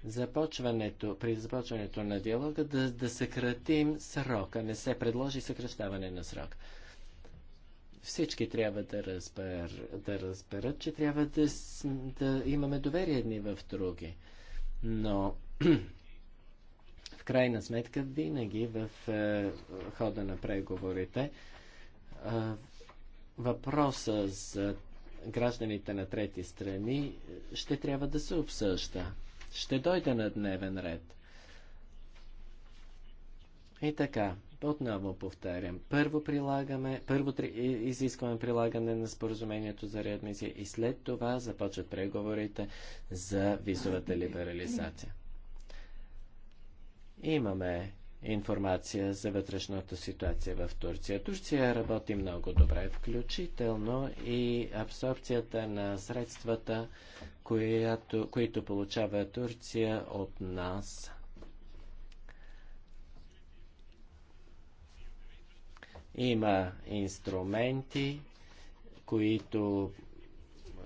започването, при започването на диалога да, да съкратим срока. Не се предложи съкръщаване на срок. Всички трябва да, разбер, да разберат, че трябва да, да имаме доверие едни в други. Но в крайна сметка винаги в е, хода на преговорите е, въпроса за гражданите на трети страни ще трябва да се обсъжда ще дойде на дневен ред. И така, отново повтарям. Първо, прилагаме, първо изискваме прилагане на споразумението за реадмисия и след това започват преговорите за визовата либерализация. Имаме информация за вътрешната ситуация в Турция. Турция работи много добре, включително и абсорбцията на средствата, която, които получава Турция от нас. Има инструменти, които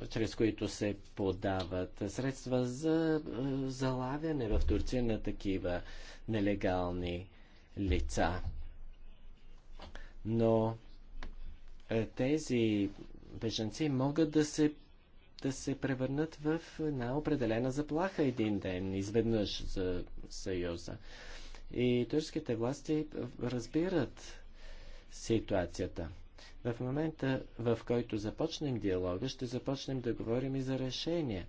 чрез които се подават средства за е, залавяне в Турция на такива нелегални лица. Но е, тези бежанци могат да се, да се превърнат в една определена заплаха един ден, изведнъж за Съюза. И турските власти разбират ситуацията. В момента, в който започнем диалога, ще започнем да говорим и за решения.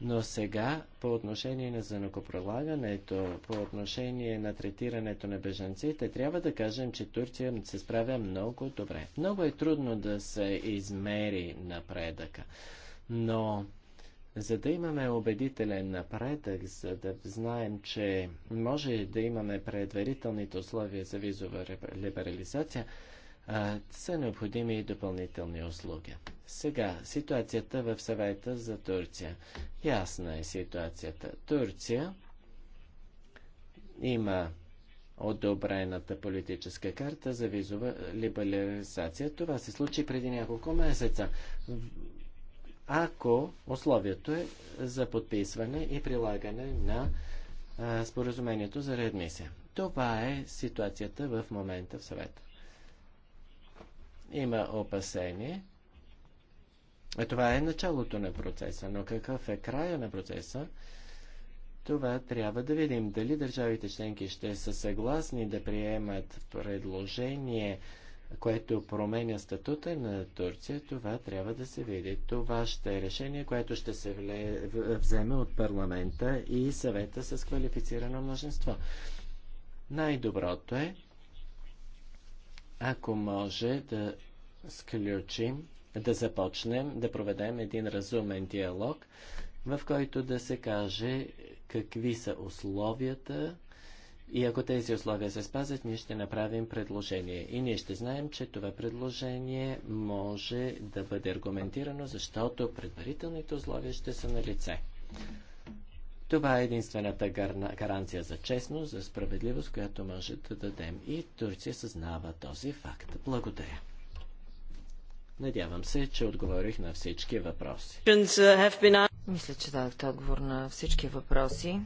Но сега, по отношение на занокопролагането, по отношение на третирането на бежанците, трябва да кажем, че Турция се справя много добре. Много е трудно да се измери напредъка. Но за да имаме убедителен напредък, за да знаем, че може да имаме предварителните условия за визова либерализация, са необходими и допълнителни услуги. Сега, ситуацията в съвета за Турция. Ясна е ситуацията. Турция има одобрената политическа карта за визова либерализация. Това се случи преди няколко месеца. Ако условието е за подписване и прилагане на а, споразумението за реадмисия. Това е ситуацията в момента в съвета. Има опасение. Това е началото на процеса, но какъв е края на процеса? Това трябва да видим дали държавите членки ще са съгласни да приемат предложение, което променя статута на Турция. Това трябва да се види. Това ще е решение, което ще се вземе от парламента и съвета с квалифицирано множество. Най-доброто е ако може да сключим, да започнем, да проведем един разумен диалог, в който да се каже какви са условията и ако тези условия се спазят, ние ще направим предложение. И ние ще знаем, че това предложение може да бъде аргументирано, защото предварителните условия ще са на лице. Това е единствената гаранция за честност, за справедливост, която може да дадем. И Турция съзнава този факт. Благодаря. Надявам се, че отговорих на всички въпроси. Мисля, че дадохте отговор на всички въпроси.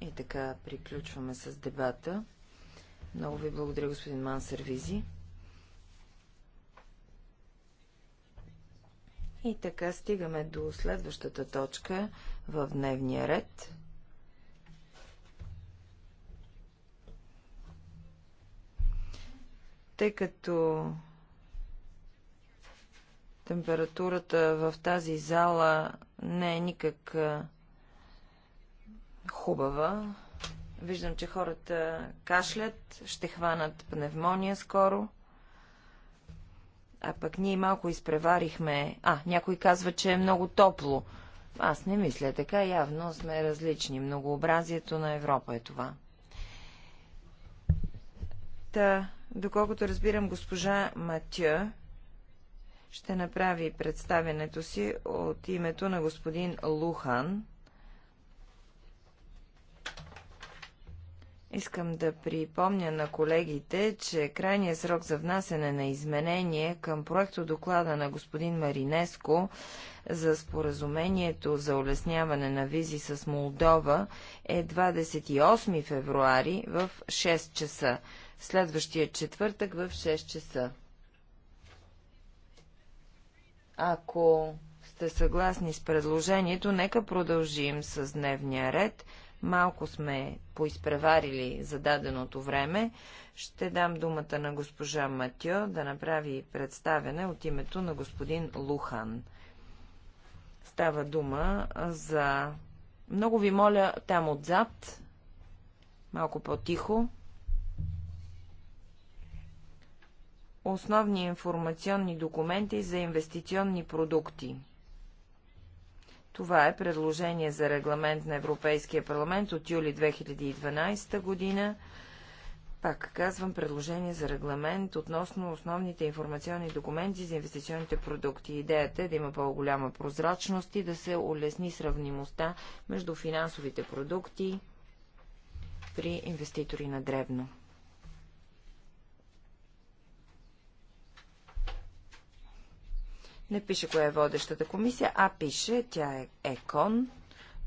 И така приключваме с дебата. Много ви благодаря, господин Мансервизи. И така стигаме до следващата точка в дневния ред. Тъй като температурата в тази зала не е никак хубава, виждам, че хората кашлят, ще хванат пневмония скоро. А пък ние малко изпреварихме. А, някой казва, че е много топло. Аз не мисля така, явно сме различни. Многообразието на Европа е това. Та, Доколкото разбирам, госпожа Матя, ще направи представенето си от името на господин Лухан, Искам да припомня на колегите, че крайният срок за внасене на изменение към проекто доклада на господин Маринеско за споразумението за улесняване на визи с Молдова е 28 февруари в 6 часа, следващия четвъртък в 6 часа. Ако сте съгласни с предложението, нека продължим с дневния ред малко сме поизпреварили за даденото време, ще дам думата на госпожа Матьо да направи представяне от името на господин Лухан. Става дума за... Много ви моля там отзад, малко по-тихо. Основни информационни документи за инвестиционни продукти – това е предложение за регламент на Европейския парламент от юли 2012 година. Пак казвам, предложение за регламент относно основните информационни документи за инвестиционните продукти. Идеята е да има по-голяма прозрачност и да се улесни сравнимостта между финансовите продукти при инвеститори на дребно. Не пише коя е водещата комисия, а пише, тя е ЕКОН.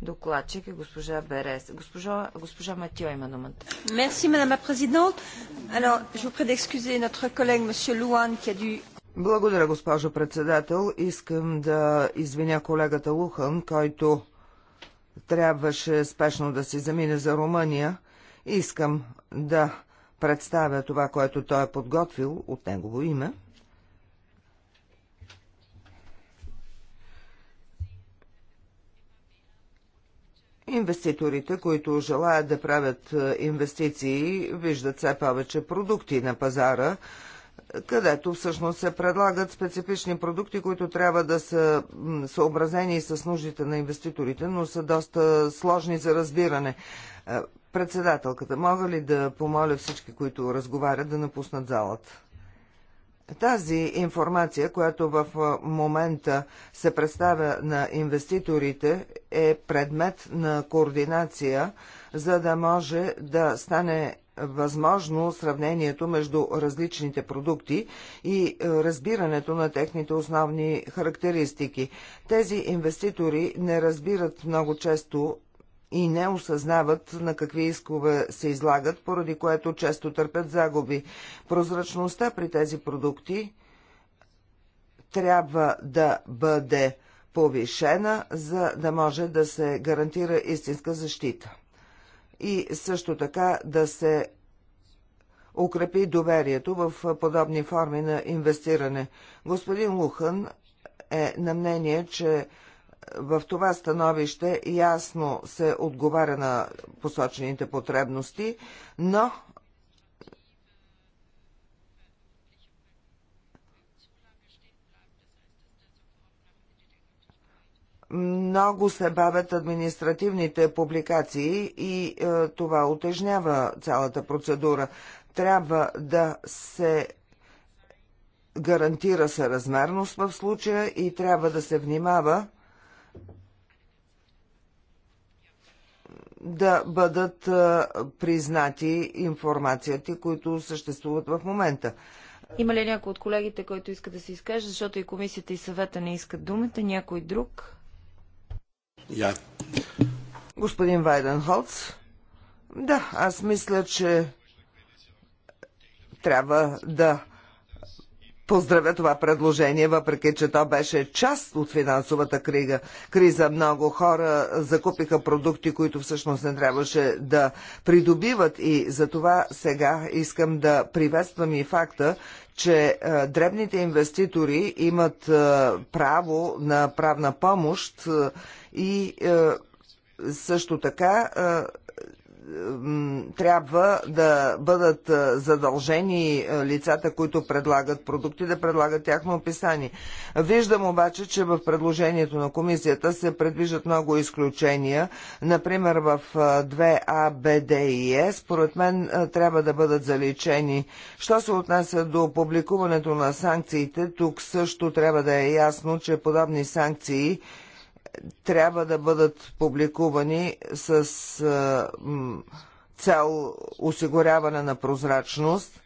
Докладчик е госпожа Берес. Госпожа, госпожа Матио има думата. Мерси, мадама президент. Alors, je vous prie d'excuser notre collègue, monsieur Луан, qui a dû благодаря, госпожо председател. Искам да извиня колегата Лухан, който трябваше спешно да си замине за Румъния. Искам да представя това, което той е подготвил от негово име. Инвеститорите, които желаят да правят е, инвестиции, виждат все повече продукти на пазара, където всъщност се предлагат специфични продукти, които трябва да са съобразени с нуждите на инвеститорите, но са доста сложни за разбиране. Е, председателката, мога ли да помоля всички, които разговарят, да напуснат залата? Тази информация, която в момента се представя на инвеститорите, е предмет на координация, за да може да стане възможно сравнението между различните продукти и разбирането на техните основни характеристики. Тези инвеститори не разбират много често и не осъзнават на какви искове се излагат, поради което често търпят загуби. Прозрачността при тези продукти трябва да бъде повишена, за да може да се гарантира истинска защита. И също така да се укрепи доверието в подобни форми на инвестиране. Господин Лухан е на мнение, че в това становище ясно се отговаря на посочените потребности, но много се бавят административните публикации и е, това отежнява цялата процедура. Трябва да се гарантира съразмерност в случая и трябва да се внимава да бъдат признати информацията, които съществуват в момента. Има ли някой от колегите, който иска да се изкаже, защото и комисията и съвета не искат думата? Някой друг? Я. Yeah. Господин Вайденхолц. Да, аз мисля, че трябва да поздравя това предложение, въпреки че то беше част от финансовата крига. криза. Много хора закупиха продукти, които всъщност не трябваше да придобиват и за това сега искам да приветствам и факта, че е, дребните инвеститори имат е, право на правна помощ е, и е, също така е, трябва да бъдат задължени лицата, които предлагат продукти, да предлагат тяхно описание. Виждам обаче, че в предложението на комисията се предвиждат много изключения. Например, в 2А, Б, Д и Е, според мен трябва да бъдат заличени. Що се отнася до публикуването на санкциите, тук също трябва да е ясно, че подобни санкции трябва да бъдат публикувани с цел осигуряване на прозрачност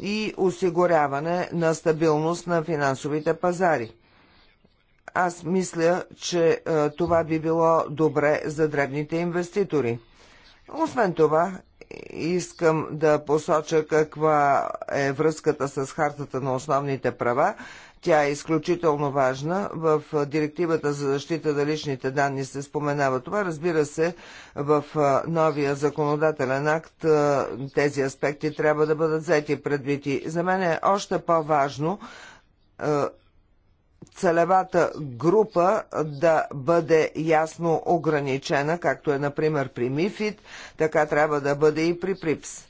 и осигуряване на стабилност на финансовите пазари. Аз мисля, че това би било добре за дребните инвеститори. Освен това, искам да посоча каква е връзката с хартата на основните права. Тя е изключително важна. В директивата за защита на личните данни се споменава това. Разбира се, в новия законодателен акт тези аспекти трябва да бъдат взети предвити. за мен е още по-важно целевата група да бъде ясно ограничена, както е, например, при МИФИД, така трябва да бъде и при ПРИПС.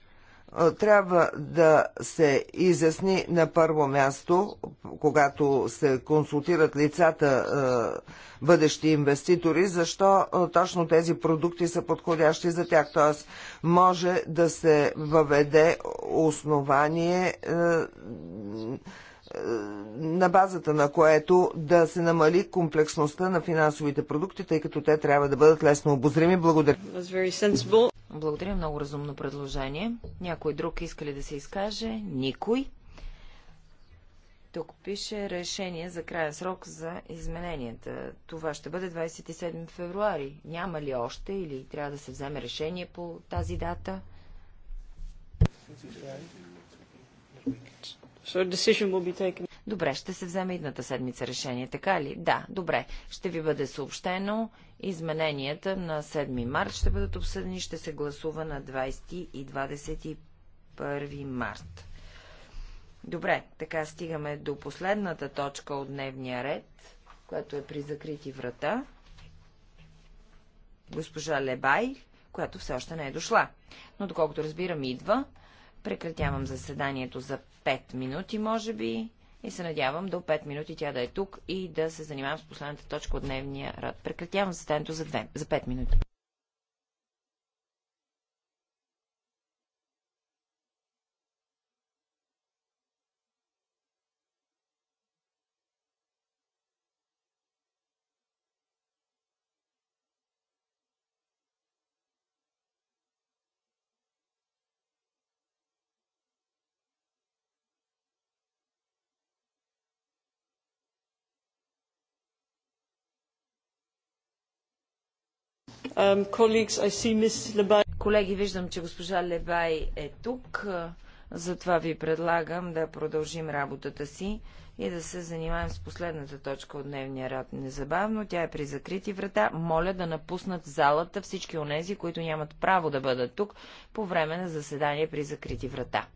Е, трябва да се изясни на първо място, когато се консултират лицата е, бъдещи инвеститори, защо е, точно тези продукти са подходящи за тях. Т.е. може да се въведе основание на базата на което да се намали комплексността на финансовите продукти, тъй като те трябва да бъдат лесно обозрими. Благодаря. Благодаря, много разумно предложение. Някой друг иска ли да се изкаже? Никой. Тук пише решение за края срок за измененията. Това ще бъде 27 февруари. Няма ли още или трябва да се вземе решение по тази дата? So добре, ще се вземе идната седмица решение, така ли? Да, добре. Ще ви бъде съобщено. Измененията на 7 март ще бъдат обсъдени. Ще се гласува на 20 и 21 март. Добре, така стигаме до последната точка от дневния ред, която е при закрити врата. Госпожа Лебай, която все още не е дошла. Но доколкото разбирам, идва. Прекратявам заседанието за 5 минути, може би, и се надявам до 5 минути тя да е тук и да се занимавам с последната точка от дневния ред. Прекратявам заседанието за, 2, за 5 минути. Um, Колеги, виждам, че госпожа Лебай е тук. Затова ви предлагам да продължим работата си и да се занимаем с последната точка от дневния ряд незабавно. Тя е при закрити врата. Моля да напуснат залата всички онези, които нямат право да бъдат тук по време на заседание при закрити врата.